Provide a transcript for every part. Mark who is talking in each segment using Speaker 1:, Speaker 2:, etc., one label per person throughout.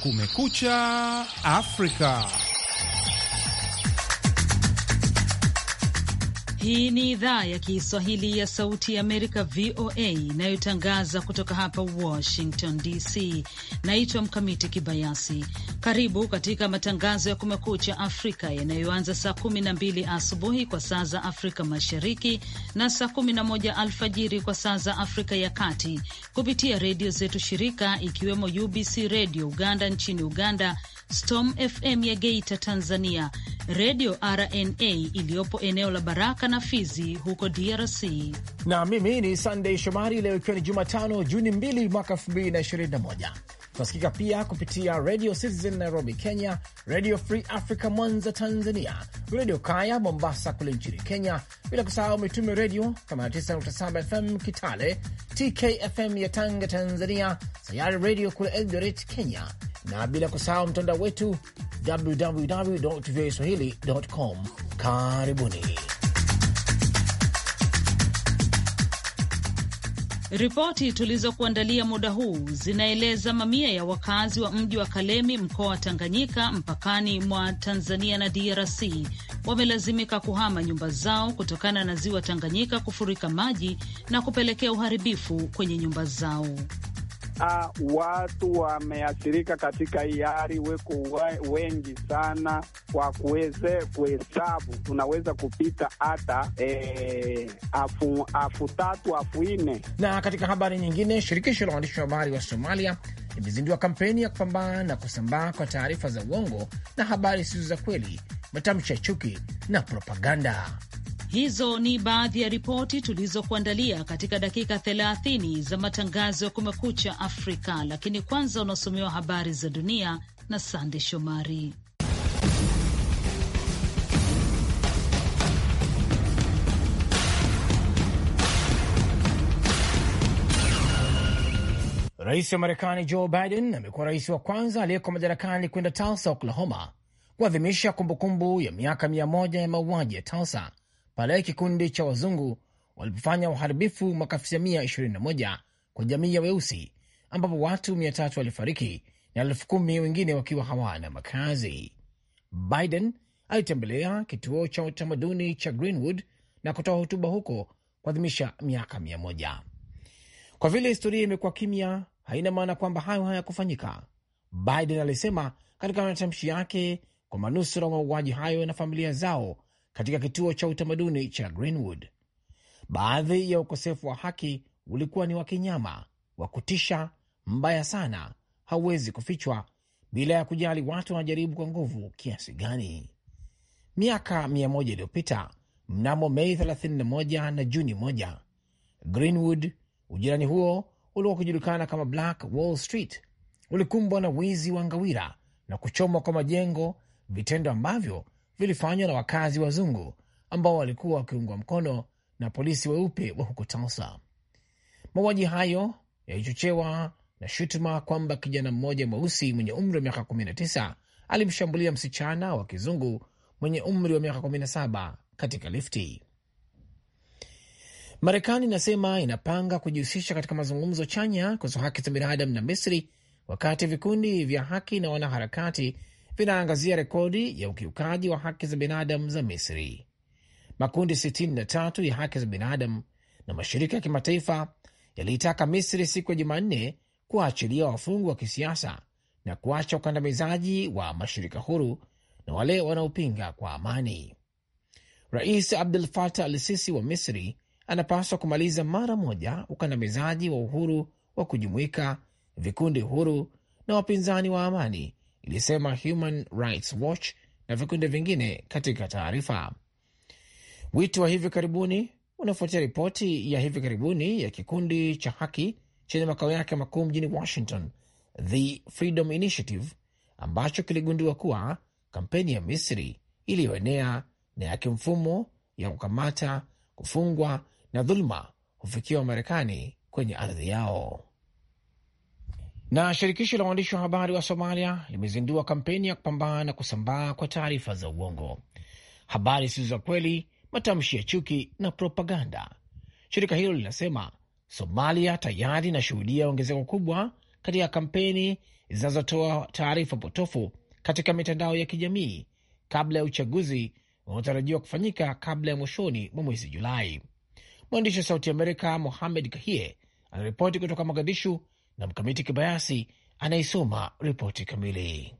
Speaker 1: Kumekucha Afrika.
Speaker 2: Hii ni idhaa ya Kiswahili ya Sauti ya Amerika, VOA, inayotangaza kutoka hapa Washington DC. Naitwa Mkamiti Kibayasi. Karibu katika matangazo ya Kumekucha Afrika yanayoanza saa 12 asubuhi kwa saa za Afrika Mashariki na saa 11 alfajiri kwa saa za Afrika ya Kati, kupitia redio zetu shirika, ikiwemo UBC Redio Uganda nchini Uganda, Storm FM ya Geita, Tanzania, Redio RNA iliyopo eneo la Baraka na Fizi huko DRC.
Speaker 3: Na mimi ni Sunday Shomari, leo ikiwa ni Jumatano Juni 2 mwaka 2021. Tunasikika pia kupitia Radio Citizen Nairobi, Kenya, Radio Free Africa Mwanza, Tanzania, Redio Kaya Mombasa kule nchini Kenya, bila kusahau Mitume Redio 89.7 FM Kitale, TKFM ya Tanga, Tanzania, Sayari Redio kule Eldoret, Kenya, na bila kusahau mtandao wetu www.voaswahili.com. Karibuni.
Speaker 2: Ripoti tulizokuandalia muda huu zinaeleza mamia ya wakazi wa mji wa Kalemi mkoa wa Tanganyika mpakani mwa Tanzania na DRC wamelazimika kuhama nyumba zao kutokana na ziwa Tanganyika kufurika maji na kupelekea uharibifu kwenye nyumba zao
Speaker 1: a, watu wameathirika katika hii hali weko wengi sana, kwa kuweze kuhesabu tunaweza kupita hata e, afu, afu tatu afu nne.
Speaker 3: Na katika habari nyingine, shirikisho la waandishi wa habari wa Somalia imezindua kampeni ya kupambana na kusambaa kwa taarifa za uongo na habari zisizo za kweli, matamshi ya chuki na propaganda.
Speaker 2: Hizo ni baadhi ya ripoti tulizokuandalia katika dakika 30 za matangazo ya Kumekucha Afrika, lakini kwanza unasomewa habari za dunia na Sande Shomari.
Speaker 3: Rais wa Marekani Joe Biden amekuwa rais wa kwanza aliyeko madarakani kwenda Tulsa, Oklahoma, kuadhimisha kumbukumbu ya miaka mia moja ya mauaji ya Tulsa pale kikundi cha wazungu walipofanya uharibifu mwaka 1921 kwa jamii ya weusi ambapo watu 300 walifariki na elfu kumi wengine wakiwa hawana makazi. Biden alitembelea kituo cha utamaduni cha Greenwood na kutoa hotuba huko kuadhimisha miaka mia moja. Kwa vile historia imekuwa kimya, haina maana kwamba hayo hayakufanyika, Biden alisema katika matamshi yake kwa manusura wa mauaji hayo na familia zao katika kituo cha utamaduni cha Greenwood. Baadhi ya ukosefu wa haki ulikuwa ni wa kinyama, wa kutisha, mbaya sana, hauwezi kufichwa, bila ya kujali watu wanajaribu kwa nguvu kiasi gani. Miaka mia moja iliyopita mnamo Mei 31 na Juni 1 Greenwood, ujirani huo uliokuwa kujulikana kama Black Wall Street, ulikumbwa na wizi wa ngawira na kuchomwa kwa majengo, vitendo ambavyo vilifanywa na wakazi wazungu ambao walikuwa wakiungwa mkono na polisi weupe wa huko Tulsa. Mauaji hayo yalichochewa na shutuma kwamba kijana mmoja mweusi mwenye umri wa miaka 19 alimshambulia msichana wa kizungu mwenye umri wa miaka 17 katika lifti. Marekani inasema inapanga kujihusisha katika mazungumzo chanya kuhusu haki za binadamu na Misri wakati vikundi vya haki na wanaharakati vinaangazia rekodi ya ukiukaji wa haki za binadamu za Misri. Makundi 63 ya haki za binadamu na mashirika ya kimataifa yaliitaka Misri siku ya Jumanne kuwaachilia wafungwa wa kisiasa na kuacha ukandamizaji wa mashirika huru na wale wanaopinga kwa amani. Rais Abdul Fatah Al Sisi wa Misri anapaswa kumaliza mara moja ukandamizaji wa uhuru wa kujumuika, vikundi huru na wapinzani wa amani ilisema Human Rights Watch na vikundi vingine katika taarifa. Wito wa hivi karibuni unafuatia ripoti ya hivi karibuni ya kikundi cha haki chenye makao yake makuu mjini Washington, The Freedom Initiative, ambacho kiligundua kuwa kampeni ya Misri iliyoenea na ya kimfumo ya kukamata, kufungwa na dhuluma hufikiwa Marekani kwenye ardhi yao. Na shirikisho la waandishi wa habari wa Somalia limezindua kampeni ya kupambana na kusambaa kwa taarifa za uongo, habari sizo za kweli, matamshi ya chuki na propaganda. Shirika hilo linasema Somalia tayari inashuhudia ongezeko kubwa katika kampeni zinazotoa taarifa potofu katika mitandao ya kijamii kabla ya uchaguzi unaotarajiwa kufanyika kabla ya mwishoni mwa mwezi Julai. Mwandishi wa Sauti Amerika Mohamed Kahie anaripoti kutoka Mogadishu na Mkamiti Kibayasi anayesoma ripoti
Speaker 2: kamili.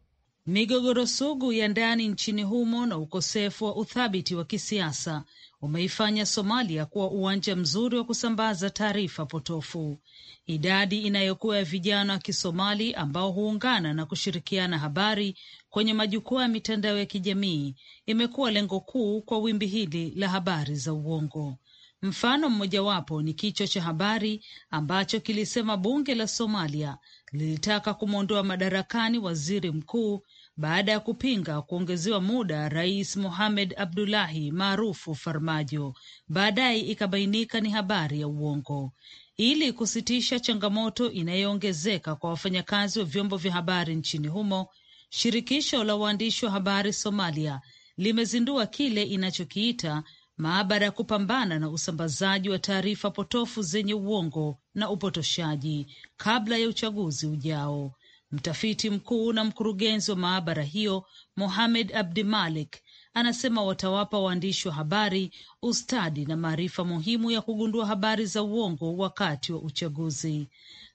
Speaker 2: Migogoro sugu ya ndani nchini humo na ukosefu wa uthabiti wa kisiasa umeifanya Somalia kuwa uwanja mzuri wa kusambaza taarifa potofu. Idadi inayokuwa ya vijana wa Kisomali ambao huungana na kushirikiana habari kwenye majukwaa ya mitandao ya kijamii imekuwa lengo kuu kwa wimbi hili la habari za uongo. Mfano mmojawapo ni kichwa cha habari ambacho kilisema bunge la Somalia lilitaka kumwondoa madarakani waziri mkuu baada ya kupinga kuongezewa muda Rais Mohamed Abdullahi maarufu Farmajo, baadaye ikabainika ni habari ya uongo. Ili kusitisha changamoto inayoongezeka kwa wafanyakazi wa vyombo vya habari nchini humo, shirikisho la waandishi wa habari Somalia limezindua kile inachokiita maabara ya kupambana na usambazaji wa taarifa potofu zenye uongo na upotoshaji kabla ya uchaguzi ujao. Mtafiti mkuu na mkurugenzi wa maabara hiyo Mohamed Abdimalik anasema watawapa waandishi wa habari ustadi na maarifa muhimu ya kugundua habari za uongo wakati wa uchaguzi.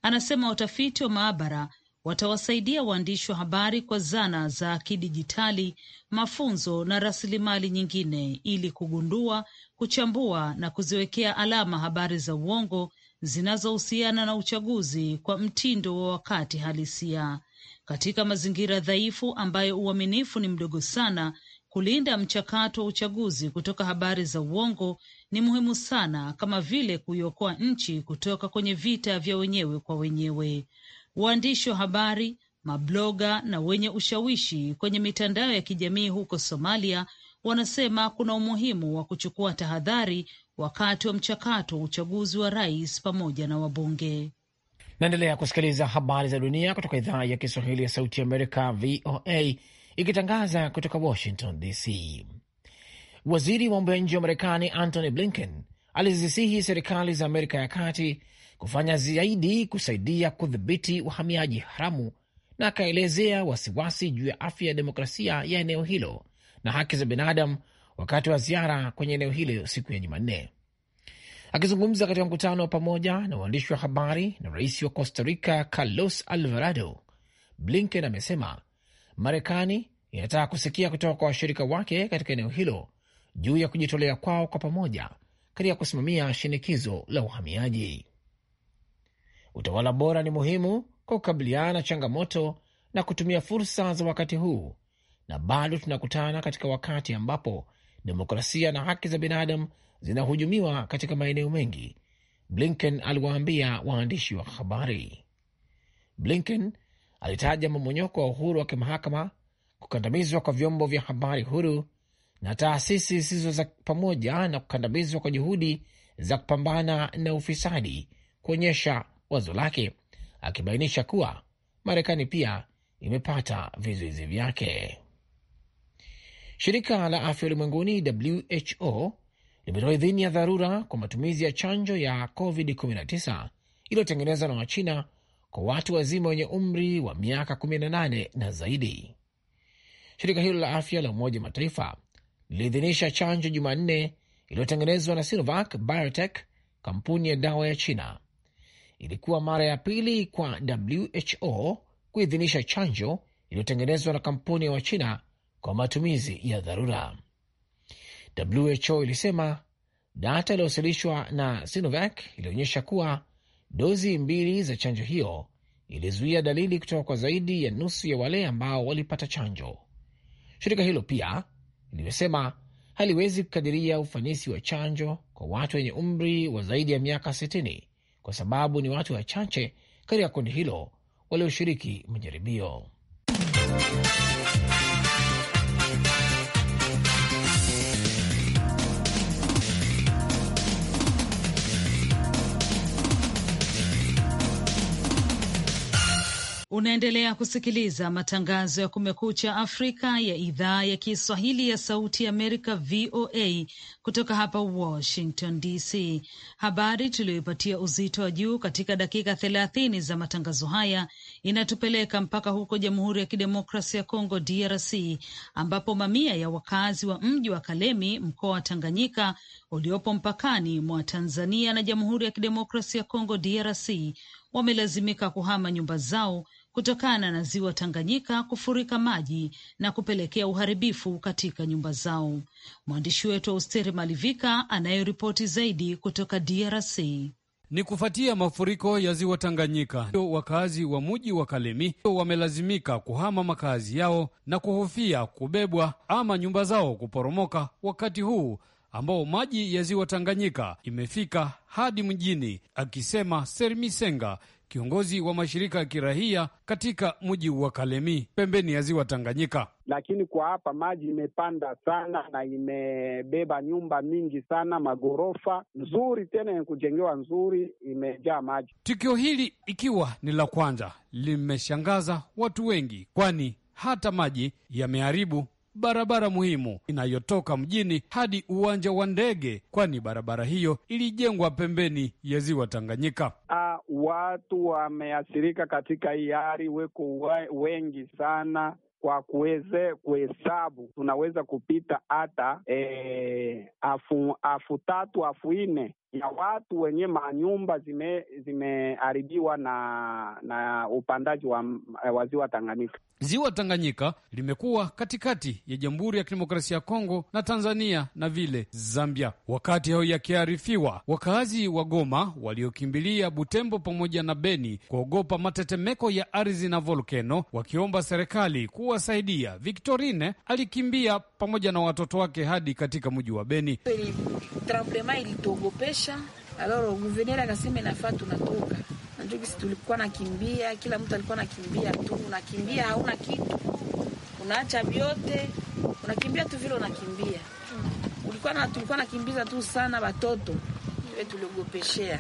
Speaker 2: Anasema watafiti wa maabara watawasaidia waandishi wa habari kwa zana za kidijitali, mafunzo na rasilimali nyingine ili kugundua, kuchambua na kuziwekea alama habari za uongo zinazohusiana na uchaguzi kwa mtindo wa wakati halisia katika mazingira dhaifu ambayo uaminifu ni mdogo sana. Kulinda mchakato wa uchaguzi kutoka habari za uongo ni muhimu sana, kama vile kuiokoa nchi kutoka kwenye vita vya wenyewe kwa wenyewe waandishi wa habari, mabloga na wenye ushawishi kwenye mitandao ya kijamii huko Somalia wanasema kuna umuhimu wa kuchukua tahadhari wakati wa mchakato wa uchaguzi wa rais pamoja na wabunge. Naendelea kusikiliza habari za dunia kutoka
Speaker 3: idhaa ya Kiswahili ya Sauti Amerika, VOA, ikitangaza kutoka Washington DC. Waziri wa mambo ya nje wa Marekani Antony Blinken alizisihi serikali za Amerika ya Kati kufanya zaidi kusaidia kudhibiti uhamiaji haramu, na akaelezea wasiwasi juu ya afya ya demokrasia ya eneo hilo na haki za binadamu wakati wa ziara kwenye eneo hilo siku ya Jumanne. Akizungumza katika mkutano wa pamoja na waandishi wa habari na rais wa Costa Rica Carlos Alvarado, Blinken amesema Marekani inataka kusikia kutoka kwa washirika wake katika eneo hilo juu ya kujitolea kwao kwa pamoja katika kusimamia shinikizo la uhamiaji. Utawala bora ni muhimu kwa kukabiliana na changamoto na kutumia fursa za wakati huu, na bado tunakutana katika wakati ambapo demokrasia na haki za binadamu zinahujumiwa katika maeneo mengi, Blinken aliwaambia waandishi wa habari. Blinken alitaja mamonyoko wa uhuru wa kimahakama, kukandamizwa kwa vyombo vya habari huru na taasisi zisizo za pamoja na kukandamizwa kwa juhudi za kupambana na ufisadi kuonyesha wazo lake, akibainisha kuwa Marekani pia imepata vizuizi vyake. Shirika la afya ulimwenguni WHO limetoa idhini ya dharura kwa matumizi ya chanjo ya COVID-19 iliyotengenezwa na Wachina kwa watu wazima wenye umri wa miaka 18 na zaidi. Shirika hilo la afya la Umoja Mataifa liliidhinisha chanjo Jumanne iliyotengenezwa na Sinovac Biotech, kampuni ya dawa ya China. Ilikuwa mara ya pili kwa WHO kuidhinisha chanjo iliyotengenezwa na kampuni ya wa Wachina kwa matumizi ya dharura. WHO ilisema data iliyowasilishwa na Sinovac ilionyesha kuwa dozi mbili za chanjo hiyo ilizuia dalili kutoka kwa zaidi ya nusu ya wale ambao walipata chanjo. Shirika hilo pia iliyosema haliwezi kukadiria ufanisi wa chanjo kwa watu wenye umri wa zaidi ya miaka 60 kwa sababu ni watu wachache katika kundi hilo walioshiriki majaribio.
Speaker 2: Unaendelea kusikiliza matangazo ya Kumekucha Afrika ya idhaa ya Kiswahili ya Sauti ya Amerika, VOA, kutoka hapa Washington DC. Habari tuliyoipatia uzito wa juu katika dakika thelathini za matangazo haya inatupeleka mpaka huko Jamhuri ya Kidemokrasia ya Kongo, DRC, ambapo mamia ya wakazi wa mji wa Kalemi, mkoa wa Tanganyika uliopo mpakani mwa Tanzania na Jamhuri ya Kidemokrasia ya Kongo, DRC, wamelazimika kuhama nyumba zao kutokana na ziwa Tanganyika kufurika maji na kupelekea uharibifu katika nyumba zao. Mwandishi wetu wa Usteri Malivika anayeripoti zaidi kutoka DRC. Ni kufuatia
Speaker 4: mafuriko ya ziwa Tanganyika, wakazi wa muji wa Kalemi wamelazimika kuhama makazi yao na kuhofia kubebwa ama nyumba zao kuporomoka, wakati huu ambao maji ya ziwa Tanganyika imefika hadi mjini, akisema Sermisenga kiongozi wa mashirika ya kirahia katika mji wa Kalemi pembeni ya ziwa Tanganyika.
Speaker 1: Lakini kwa hapa maji imepanda sana na imebeba nyumba mingi sana, maghorofa nzuri tena ya kujengewa nzuri, imejaa maji.
Speaker 4: Tukio hili ikiwa ni la kwanza, limeshangaza watu wengi, kwani hata maji yameharibu barabara muhimu inayotoka mjini hadi uwanja wa ndege, kwani barabara hiyo ilijengwa pembeni ya ziwa Tanganyika.
Speaker 1: Ah, watu wameathirika katika hii hali, weko wengi sana kwa kuweze kuhesabu tunaweza kupita hata e, afu afu tatu afu nne ya watu wenye manyumba zime na na upandaji wa, wa ziwa Tanganyika.
Speaker 4: Ziwa Tanganyika limekuwa katikati ya Jamhuri ya Kidemokrasia ya Kongo na Tanzania na vile Zambia. Wakati hayo yakiarifiwa, wakazi wa Goma waliokimbilia Butembo pamoja na Beni kuogopa matetemeko ya ardhi na volkeno, wakiomba serikali kuwasaidia. Victorine alikimbia pamoja na watoto wake hadi katika mji wa Beni.
Speaker 5: Tremplema ilituogopesha, aloro guvenera akasema inafaa tunatoka najokisi, tulikuwa nakimbia, kila mtu alikuwa nakimbia tu, unakimbia hauna kitu, unaacha vyote, unakimbia tu vile unakimbia. Tulikuwa nakimbiza tu sana watoto, tuliogopeshea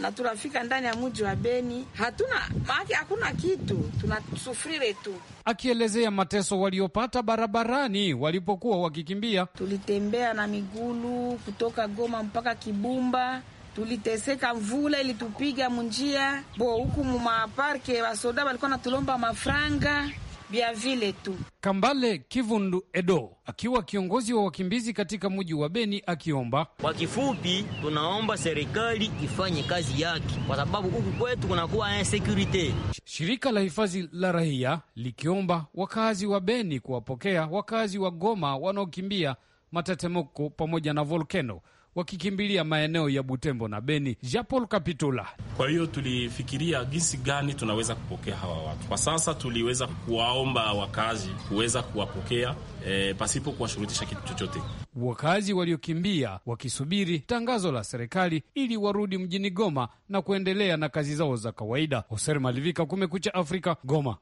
Speaker 5: na tunafika ndani ya mji wa Beni, hatuna maake, hakuna kitu, tunasufrire tu.
Speaker 4: Akielezea mateso waliopata barabarani walipokuwa wakikimbia, tulitembea
Speaker 5: na migulu kutoka Goma mpaka Kibumba tuliteseka, mvula ilitupiga munjia bo huku mumaparke, wasoda walikuwa natulomba mafranga
Speaker 4: vya vile tu. Kambale Kivundu Edo akiwa kiongozi wa wakimbizi katika mji wa Beni akiomba, kwa kifupi, tunaomba serikali ifanye kazi yake kwa sababu huku kwetu kunakuwa insecurity. Shirika la hifadhi la raia likiomba wakazi wa Beni kuwapokea wakazi wa Goma wanaokimbia matetemeko pamoja na volkeno wakikimbilia maeneo ya Butembo na Beni. Jean Paul Kapitula:
Speaker 1: kwa hiyo tulifikiria jinsi gani tunaweza kupokea hawa watu. Kwa sasa tuliweza kuwaomba wakazi kuweza kuwapokea e, pasipo kuwashurutisha kitu chochote.
Speaker 4: Wakazi waliokimbia wakisubiri tangazo la serikali ili warudi mjini Goma na kuendelea na kazi zao za kawaida. Hoser Malivika, Kumekucha Afrika, Goma.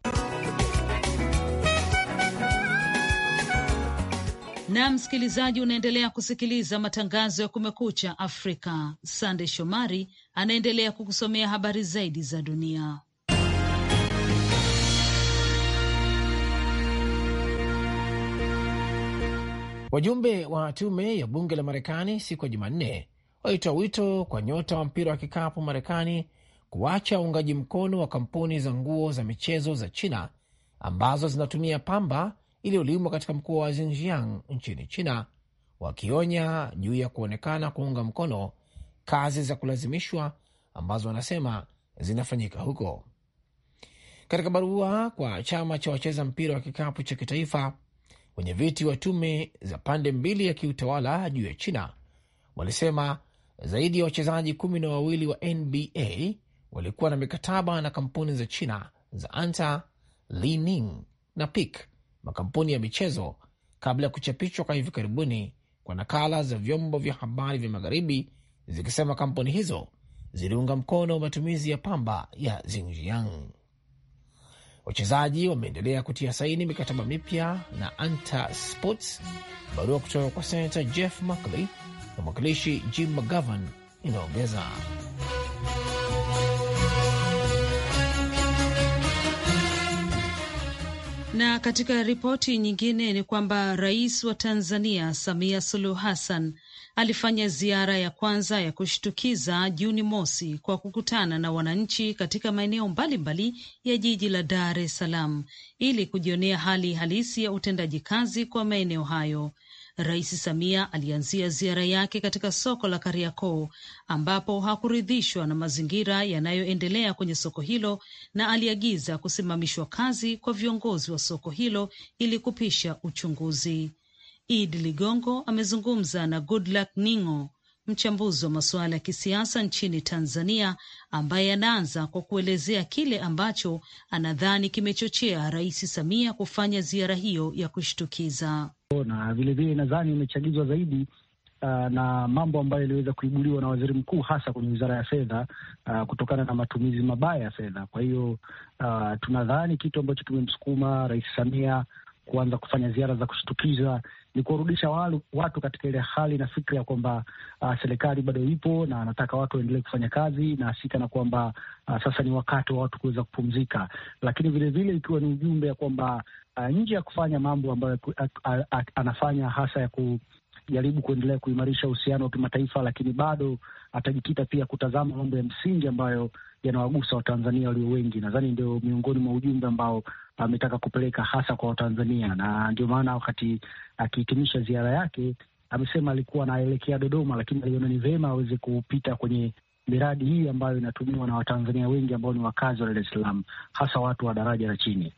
Speaker 2: na msikilizaji, unaendelea kusikiliza matangazo ya Kumekucha Afrika. Sande Shomari anaendelea kukusomea habari zaidi za dunia.
Speaker 3: Wajumbe wa tume ya bunge la Marekani siku ya Jumanne walitoa wito kwa nyota wa mpira wa kikapu Marekani kuacha uungaji mkono wa kampuni za nguo za michezo za China ambazo zinatumia pamba iliyolimwa katika mkoa wa Xinjiang nchini China, wakionya juu ya kuonekana kuunga mkono kazi za kulazimishwa ambazo wanasema zinafanyika huko. Katika barua kwa chama cha wacheza mpira wa kikapu cha kitaifa, wenye viti wa tume za pande mbili ya kiutawala juu ya China walisema zaidi ya wachezaji kumi na wawili wa NBA walikuwa na mikataba na kampuni za China za Anta, Li Ning na Pik makampuni ya michezo kabla ya kuchapishwa kwa hivi karibuni kwa nakala za vyombo vya habari vya magharibi zikisema kampuni hizo ziliunga mkono matumizi ya pamba ya Xinjiang. Wachezaji wameendelea kutia saini mikataba mipya na Anta Sports. Barua kutoka kwa senata Jeff Merkley na mwakilishi Jim McGovern inaongeza
Speaker 2: Na katika ripoti nyingine ni kwamba rais wa Tanzania Samia Suluhu Hassan alifanya ziara ya kwanza ya kushtukiza Juni mosi kwa kukutana na wananchi katika maeneo mbalimbali ya jiji la Dar es Salaam ili kujionea hali halisi ya utendaji kazi kwa maeneo hayo. Rais Samia alianzia ziara yake katika soko la Kariakoo ambapo hakuridhishwa na mazingira yanayoendelea kwenye soko hilo na aliagiza kusimamishwa kazi kwa viongozi wa soko hilo ili kupisha uchunguzi. Idi Ligongo amezungumza na Goodluck Ningo mchambuzi wa masuala ya kisiasa nchini Tanzania, ambaye anaanza kwa kuelezea kile ambacho anadhani kimechochea Rais Samia kufanya ziara hiyo ya kushtukiza.
Speaker 6: Na vilevile nadhani imechagizwa zaidi uh, na mambo ambayo yaliweza kuibuliwa na waziri mkuu hasa kwenye wizara ya fedha uh, kutokana na matumizi mabaya ya fedha. Kwa hiyo uh, tunadhani kitu ambacho kimemsukuma Rais Samia kuanza kufanya ziara za kushtukiza ni kuwarudisha watu katika ile hali na fikra ya kwamba uh, serikali bado ipo na anataka watu waendelee kufanya kazi na sikana kwamba uh, sasa ni wakati wa watu kuweza kupumzika, lakini vilevile ikiwa ni ujumbe ya kwamba Uh, nje ya kufanya mambo ambayo anafanya hasa ya kujaribu kuendelea kuimarisha uhusiano wa kimataifa, lakini bado atajikita pia kutazama mambo ya msingi ambayo yanawagusa Watanzania walio wengi. Nadhani ndio miongoni mwa ujumbe ambao ametaka kupeleka hasa kwa Watanzania, na ndio maana wakati akihitimisha ziara yake amesema alikuwa anaelekea Dodoma, lakini aliona ni vema aweze kupita kwenye miradi hii ambayo inatumiwa na Watanzania wengi ambao ni wakazi wa Dar es Salaam, hasa watu wa daraja la chini.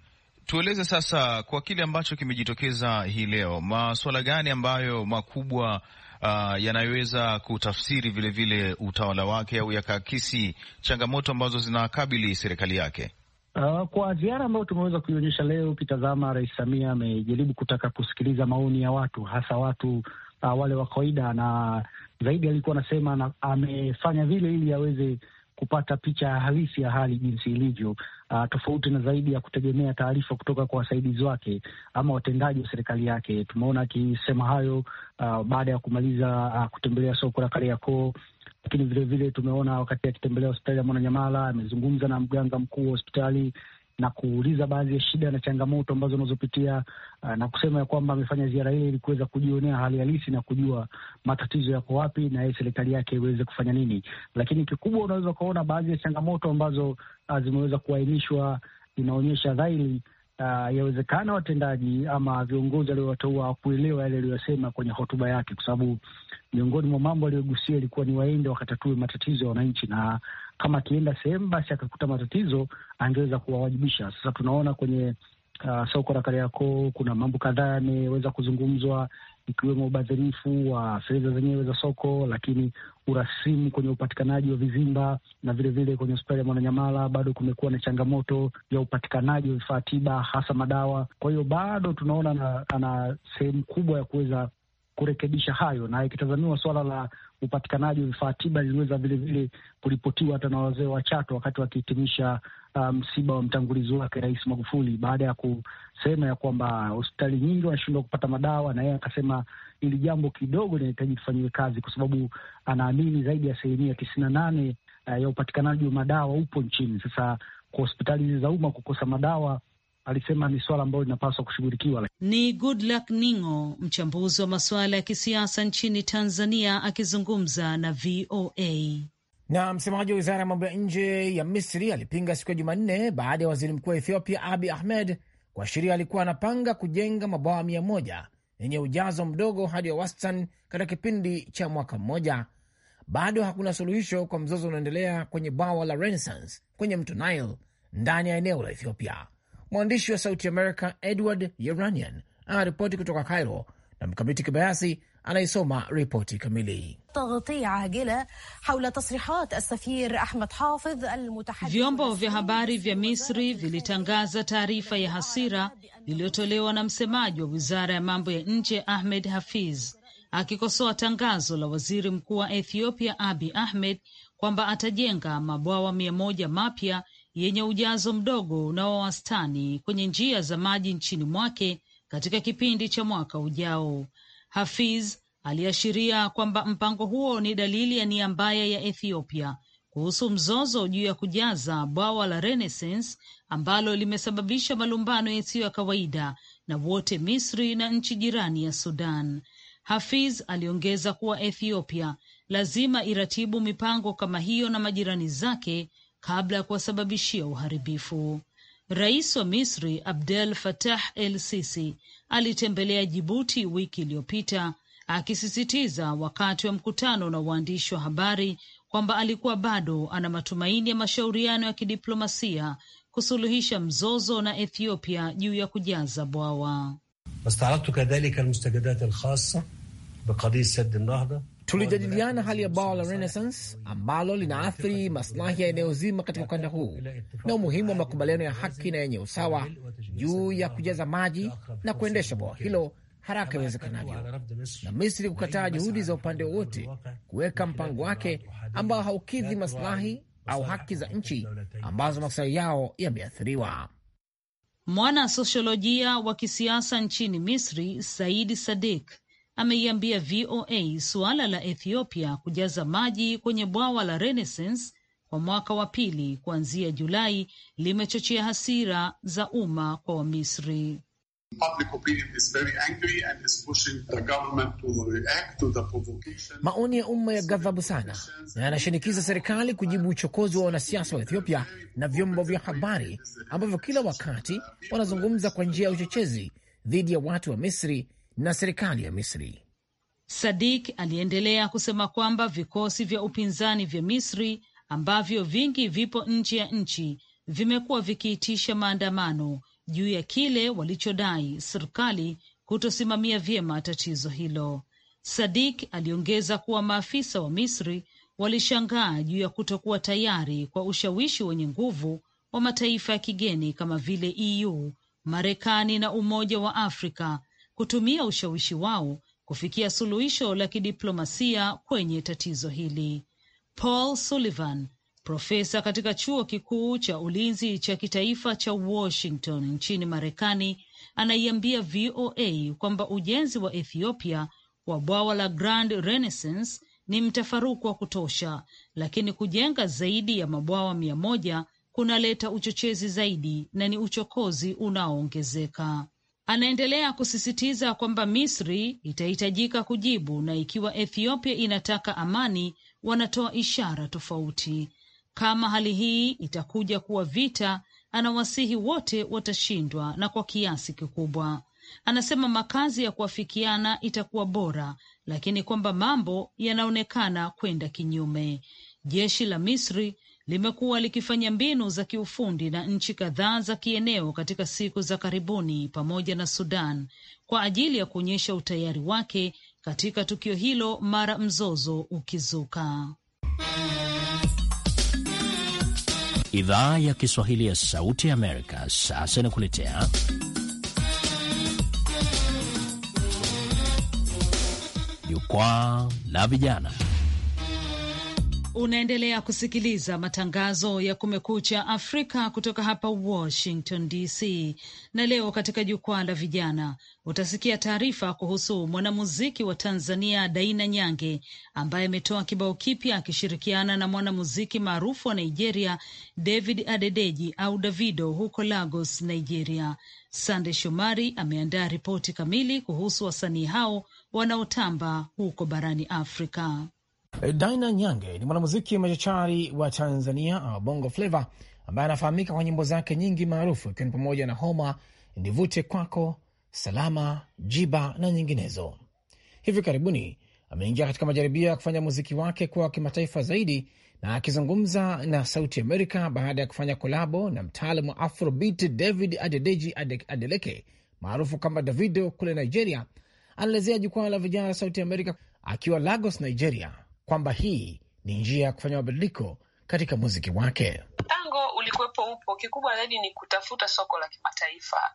Speaker 1: Tueleze sasa kwa kile ambacho kimejitokeza hii leo, masuala gani ambayo makubwa uh, yanayoweza kutafsiri vilevile vile utawala wake au yakaakisi
Speaker 3: changamoto ambazo zinakabili serikali yake?
Speaker 6: Uh, kwa ziara ambayo tumeweza kuionyesha leo, ukitazama Rais Samia amejaribu kutaka kusikiliza maoni ya watu, hasa watu uh, wale wa kawaida, na zaidi alikuwa anasema amefanya vile ili aweze kupata picha ya halisi ya hali jinsi ilivyo, uh, tofauti na zaidi ya kutegemea taarifa kutoka kwa wasaidizi wake ama watendaji wa serikali yake. Tumeona akisema hayo uh, baada ya kumaliza uh, kutembelea soko la Kariakoo lakini vilevile tumeona wakati akitembelea hospitali ya Mwananyamala amezungumza na mganga mkuu wa hospitali na kuuliza baadhi ya shida na changamoto ambazo unazopitia, uh, na kusema ya kwamba amefanya ziara ile ili kuweza kujionea hali halisi na kujua matatizo yako wapi na yeye serikali yake iweze kufanya nini. Lakini kikubwa unaweza ukaona baadhi ya changamoto ambazo uh, zimeweza kuainishwa, inaonyesha dhahiri Uh, yawezekana watendaji ama viongozi aliowateua hawakuelewa yale aliyosema kwenye hotuba yake, kwa sababu miongoni mwa mambo aliyogusia ilikuwa ni waende wakatatue matatizo ya wananchi, na kama akienda sehemu basi akakuta matatizo angeweza kuwawajibisha. Sasa tunaona kwenye uh, soko la Kariakoo kuna mambo kadhaa yameweza kuzungumzwa ikiwemo ubadhirifu wa fedha zenyewe za soko, lakini urasimu kwenye upatikanaji wa vizimba na vilevile vile kwenye hospitali ya Mwananyamala bado kumekuwa na changamoto ya upatikanaji wa vifaa tiba, hasa madawa. Kwa hiyo bado tunaona ana, ana sehemu kubwa ya kuweza kurekebisha hayo, na ikitazamiwa suala la upatikanaji wa vifaa tiba liliweza vilevile kuripotiwa hata na wazee wa Chato wakati wakihitimisha uh, msiba um, wa mtangulizi wake Rais Magufuli, baada ya kusema ya kwamba hospitali nyingi wanashindwa kupata madawa, na yeye akasema hili jambo kidogo linahitaji tufanyiwe kazi, kwa sababu anaamini zaidi ya asilimia tisini na nane uh, ya upatikanaji wa madawa upo nchini. Sasa kwa hospitali hizi za umma kukosa madawa alisema ni swala ambalo linapaswa kushughulikiwa.
Speaker 2: Ni Goodluck Ningo, mchambuzi wa masuala ya kisiasa nchini Tanzania, akizungumza na VOA. Na msemaji wa wizara ya mambo ya
Speaker 3: nje ya Misri alipinga siku ya Jumanne baada ya waziri mkuu wa Ethiopia Abi Ahmed kuashiria alikuwa anapanga kujenga mabwawa mia moja yenye ujazo mdogo hadi wa wastan katika kipindi cha mwaka mmoja. Bado hakuna suluhisho kwa mzozo unaoendelea kwenye bwawa la Renaissance kwenye mto Nile ndani ya eneo la Ethiopia. Mwandishi wa Sauti Amerika Edward Yeranian anaripoti kutoka Cairo na Mkamiti Kibayasi anayesoma ripoti kamili.
Speaker 2: Vyombo vya habari vya Misri vilitangaza taarifa ya hasira iliyotolewa na msemaji wa wizara ya mambo ya nje Ahmed Hafiz akikosoa tangazo la waziri mkuu wa Ethiopia Abi Ahmed kwamba atajenga mabwawa mia moja mapya yenye ujazo mdogo na wa wastani kwenye njia za maji nchini mwake katika kipindi cha mwaka ujao. Hafiz aliashiria kwamba mpango huo ni dalili ya nia mbaya ya Ethiopia kuhusu mzozo juu ya kujaza bwawa la Renaissance ambalo limesababisha malumbano yasiyo ya kawaida na wote Misri na nchi jirani ya Sudan. Hafiz aliongeza kuwa Ethiopia lazima iratibu mipango kama hiyo na majirani zake kabla ya kuwasababishia uharibifu. Rais wa Misri Abdel Fattah El Sisi alitembelea Jibuti wiki iliyopita akisisitiza wakati wa mkutano na waandishi wa habari kwamba alikuwa bado ana matumaini ya mashauriano ya kidiplomasia kusuluhisha mzozo na Ethiopia juu ya kujaza bwawa.
Speaker 3: Tulijadiliana hali ya bwawa la Renaissance ambalo linaathiri maslahi ya eneo zima katika ukanda huu na umuhimu wa makubaliano ya haki na yenye usawa juu ya kujaza maji na kuendesha bwawa hilo haraka iwezekanavyo, na Misri kukataa juhudi za upande wowote kuweka mpango wake ambao haukidhi maslahi au haki za
Speaker 2: nchi ambazo maslahi yao yameathiriwa. Mwana sosiolojia wa kisiasa nchini Misri Saidi Sadik ameiambia VOA suala la Ethiopia kujaza maji kwenye bwawa la Renaissance kwa mwaka wa pili kuanzia Julai limechochea hasira za umma kwa Wamisri.
Speaker 3: Maoni ya umma ya ghadhabu sana na yanashinikiza serikali kujibu uchokozi wa wanasiasa wa Ethiopia na vyombo vya habari ambavyo kila wakati wanazungumza kwa njia ya
Speaker 2: uchochezi dhidi ya watu wa Misri na serikali ya Misri. Sadik aliendelea kusema kwamba vikosi vya upinzani vya Misri ambavyo vingi vipo nje ya nchi vimekuwa vikiitisha maandamano juu ya kile walichodai serikali kutosimamia vyema tatizo hilo. Sadik aliongeza kuwa maafisa wa Misri walishangaa juu ya kutokuwa tayari kwa ushawishi wenye nguvu wa mataifa ya kigeni kama vile EU, Marekani na Umoja wa Afrika kutumia ushawishi wao kufikia suluhisho la kidiplomasia kwenye tatizo hili. Paul Sullivan, profesa katika chuo kikuu cha ulinzi cha kitaifa cha Washington nchini Marekani, anaiambia VOA kwamba ujenzi wa Ethiopia wa bwawa la Grand Renaissance ni mtafaruku wa kutosha, lakini kujenga zaidi ya mabwawa mia moja kunaleta uchochezi zaidi na ni uchokozi unaoongezeka. Anaendelea kusisitiza kwamba Misri itahitajika kujibu na ikiwa Ethiopia inataka amani, wanatoa ishara tofauti. Kama hali hii itakuja kuwa vita, anawasihi wote watashindwa na kwa kiasi kikubwa. Anasema makazi ya kuafikiana itakuwa bora, lakini kwamba mambo yanaonekana kwenda kinyume. Jeshi la Misri limekuwa likifanya mbinu za kiufundi na nchi kadhaa za kieneo katika siku za karibuni pamoja na Sudan kwa ajili ya kuonyesha utayari wake katika tukio hilo mara mzozo ukizuka.
Speaker 3: Idhaa ya Kiswahili ya Sauti ya Amerika sasa inakuletea jukwaa la vijana.
Speaker 2: Unaendelea kusikiliza matangazo ya Kumekucha Afrika kutoka hapa Washington DC, na leo katika jukwaa la vijana utasikia taarifa kuhusu mwanamuziki wa Tanzania Daina Nyange ambaye ametoa kibao kipya akishirikiana na mwanamuziki maarufu wa Nigeria David Adedeji au Davido huko Lagos, Nigeria. Sande Shomari ameandaa ripoti kamili kuhusu wasanii hao wanaotamba huko barani Afrika.
Speaker 3: Eh, Daina Nyange ni mwanamuziki machachari wa Tanzania au uh, Bongo Flava ambaye anafahamika kwa nyimbo zake nyingi maarufu ikiwa ni pamoja na Homa, Nivute Kwako, Salama, Jiba na nyinginezo. Hivi karibuni ameingia katika majaribio ya kufanya muziki wake kuwa kimataifa zaidi, na akizungumza na Sauti Amerika baada ya kufanya kolabo na mtaalam wa Afrobeat David Adedeji Adeleke maarufu kama Davido kule Nigeria, anaelezea jukwaa la vijana la Sauti Amerika akiwa Lagos, Nigeria kwamba hii ni njia ya kufanya mabadiliko katika muziki wake.
Speaker 5: Mpango ulikuwepo upo, kikubwa zaidi ni kutafuta soko la kimataifa,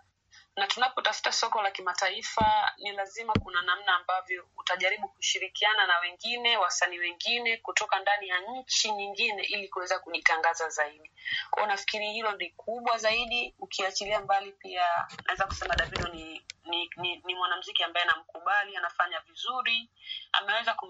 Speaker 5: na tunapotafuta soko la kimataifa ni lazima kuna namna ambavyo utajaribu kushirikiana na wengine, wasanii wengine kutoka ndani ya nchi nyingine, ili kuweza kujitangaza zaidi. Kwao nafikiri hilo ni kubwa zaidi, ukiachilia mbali pia naweza kusema Davido ni ni, ni, ni mwanamziki ambaye anamkubali, anafanya vizuri, ameweza ku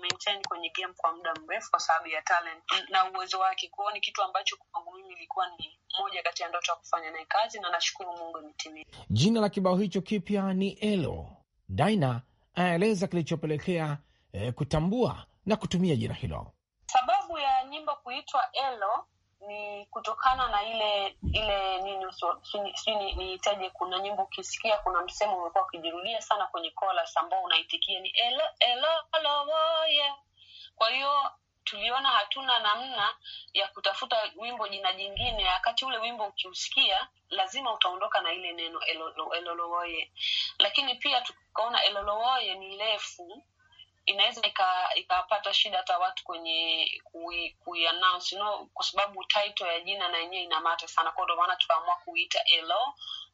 Speaker 5: kwenye game kwa muda mrefu kwa sababu ya talent na uwezo wake. Kwao ni kitu ambacho kwangu mimi ilikuwa ni moja kati ya ndoto ya kufanya naye kazi, na
Speaker 3: nashukuru Mungu imetimia. Jina la kibao hicho kipya ni Elo. Daina anaeleza kilichopelekea eh, kutambua na kutumia jina hilo.
Speaker 5: Sababu ya nyimbo kuitwa Elo ni kutokana na ile ile nini sijui niitaje kuna nyimbo ukisikia kuna msemo umekuwa ukijirudia sana kwenye kolas ambao unaitikia ni elolowoye kwa hiyo tuliona hatuna namna ya kutafuta wimbo jina jingine wakati ule wimbo ukiusikia lazima utaondoka na ile neno elolowoye lakini pia tukaona elolowoye ni refu inaweza ikapata shida hata watu kwenye kui, kui announce, you know, kwa sababu title ya jina na yenyewe inamata sana kwao, ndio maana tukaamua kuita Elo,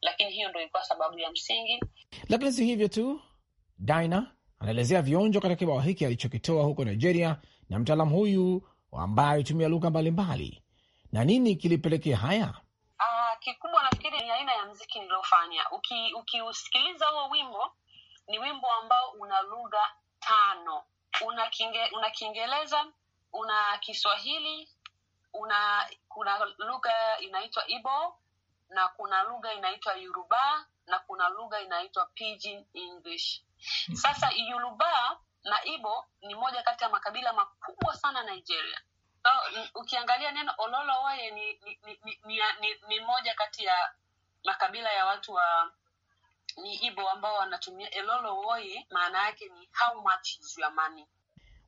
Speaker 5: lakini hiyo ndo ilikuwa sababu ya msingi.
Speaker 3: Lakini si hivyo tu, Dina anaelezea vionjo katika kibao hiki alichokitoa huko Nigeria na mtaalam huyu ambaye alitumia lugha mbalimbali. Na nini kilipelekea haya?
Speaker 5: Uh, kikubwa nafikiri ni aina ya mziki niliofanya. Ukiusikiliza uki huo wimbo, ni wimbo ambao una lugha tano una kinge, una Kiingereza, una Kiswahili, una kuna lugha inaitwa ibo na kuna lugha inaitwa yuruba na kuna lugha inaitwa Pidgin English. Hmm. Sasa yuruba na ibo ni moja kati ya makabila makubwa sana Nigeria. So, ukiangalia neno Ololo Waye ni, ni, ni, ni, ni, ni moja kati ya makabila ya watu wa ni Igbo ambao wanatumia elolo woi, maana yake ni how much is your money.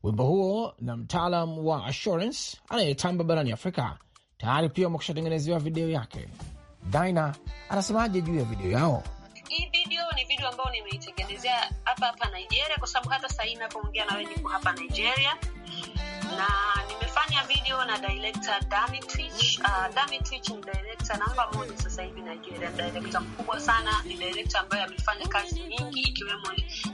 Speaker 3: Wimbo huo na mtaalam wa assurance anayetamba barani Afrika tayari pia wamekushatengenezewa video yake. Daina anasemaje juu ya video yao?
Speaker 5: Hii video ni video ambayo nimeitengenezea hapa hapa Nigeria, kwa sababu hata sahii inapoongea nawe niko hapa Nigeria na nimefanya video na director Dami Twitch. Uh, ah, Dami Twitch ni director namba moja sasa hivi Nigeria, director mkubwa sana, ni director ambaye amefanya kazi nyingi ikiwemo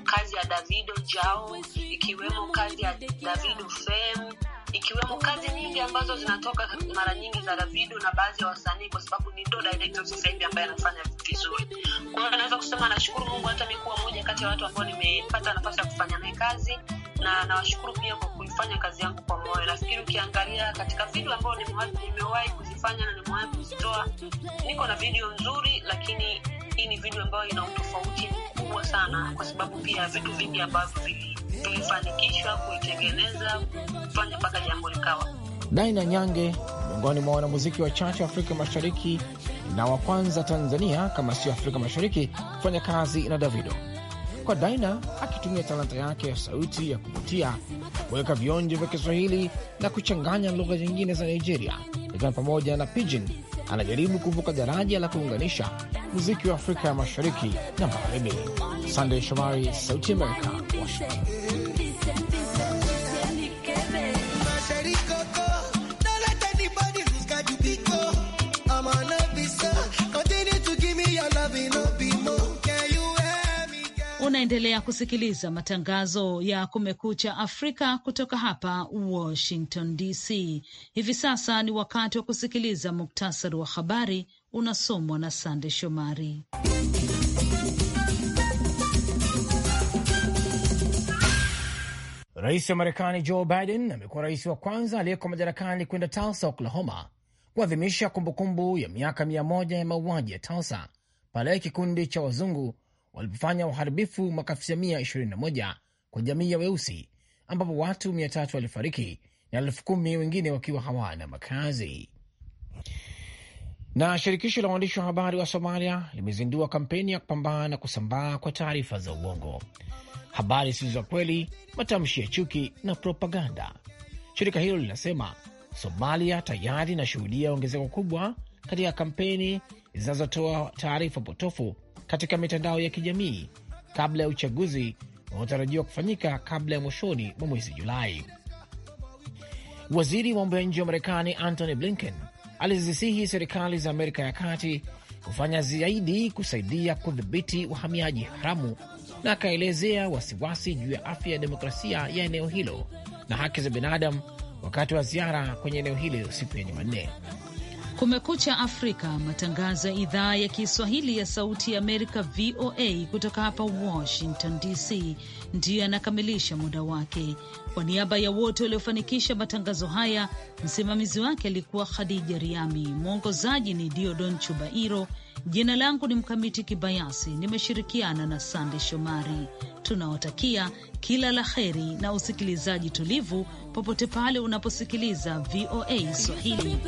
Speaker 5: kazi ya Davido Jao, ikiwemo kazi ya Davido Fame ikiwemo kazi nyingi ambazo zinatoka mara nyingi za Davido na baadhi ya wasanii, kwa sababu ni ndo director sasa hivi ambaye anafanya vizuri. Kwa hiyo naweza kusema nashukuru Mungu, hata kuwa moja kati ya watu ambao nimepata nafasi ya kufanya naye kazi, na nawashukuru pia kwa kuifanya kazi yangu kwa moyo. Nafikiri ukiangalia katika video ambayo nimewahi kuzifanya na nimewahi kuzitoa, niko na video nzuri, lakini hii ni video ambayo ina utofauti mkubwa sana, kwa sababu pia vitu vingi ambavyo vilifanikishwa kuitengeneza kufanya mpaka jambo likawa.
Speaker 3: Daina Nyange miongoni mwa wanamuziki wachache wa Afrika Mashariki na wa kwanza Tanzania kama sio Afrika Mashariki kufanya kazi na Davido, kwa Daina akitumia talanta yake ya sauti ya kuvutia kuweka vionjo vya Kiswahili na kuchanganya lugha nyingine za Nigeria, ikiwa pamoja na Pijin. Anajaribu kuvuka daraja la kuunganisha muziki wa Afrika ya mashariki na magharibi. Sandey Shomari, Sauti Amerika,
Speaker 4: Washington.
Speaker 2: Unaendelea kusikiliza matangazo ya Kumekucha Afrika kutoka hapa Washington DC. Hivi sasa ni wakati wa kusikiliza muktasari wa habari unasomwa na Sande Shomari. Rais wa
Speaker 3: Marekani Joe Biden amekuwa rais wa kwanza aliyeko madarakani kwenda Tulsa, Oklahoma, kuadhimisha kumbukumbu ya miaka mia moja ya mauaji ya Tulsa pale kikundi cha wazungu walipofanya uharibifu mwaka 1921 kwa jamii ya weusi ambapo watu 300 walifariki na elfu kumi wengine wakiwa hawana makazi. Na shirikisho la waandishi wa habari wa Somalia limezindua kampeni ya kupambana na kusambaa kwa taarifa za uongo, habari zisizo za kweli, matamshi ya chuki na propaganda. Shirika hilo linasema Somalia tayari inashuhudia ongezeko kubwa katika kampeni zinazotoa taarifa potofu katika mitandao ya kijamii kabla ya uchaguzi unaotarajiwa kufanyika kabla ya mwishoni mwa mwezi Julai. Waziri wa mambo ya nje wa Marekani Antony Blinken alizisihi serikali za Amerika ya Kati kufanya zaidi kusaidia kudhibiti wahamiaji haramu, na akaelezea wasiwasi juu ya afya ya demokrasia ya eneo hilo na haki za binadamu wakati wa ziara kwenye eneo hilo siku ya Jumanne.
Speaker 2: Kumekucha Afrika, matangazo ya idhaa ya Kiswahili ya Sauti ya Amerika, VOA, kutoka hapa Washington DC, ndiyo yanakamilisha muda wake. Kwa niaba ya wote waliofanikisha matangazo haya, msimamizi wake alikuwa Khadija Riami, mwongozaji ni Diodon Chubairo. Jina langu ni Mkamiti Kibayasi, nimeshirikiana na Sande Shomari. Tunawatakia kila la heri na usikilizaji tulivu popote pale unaposikiliza VOA Swahili.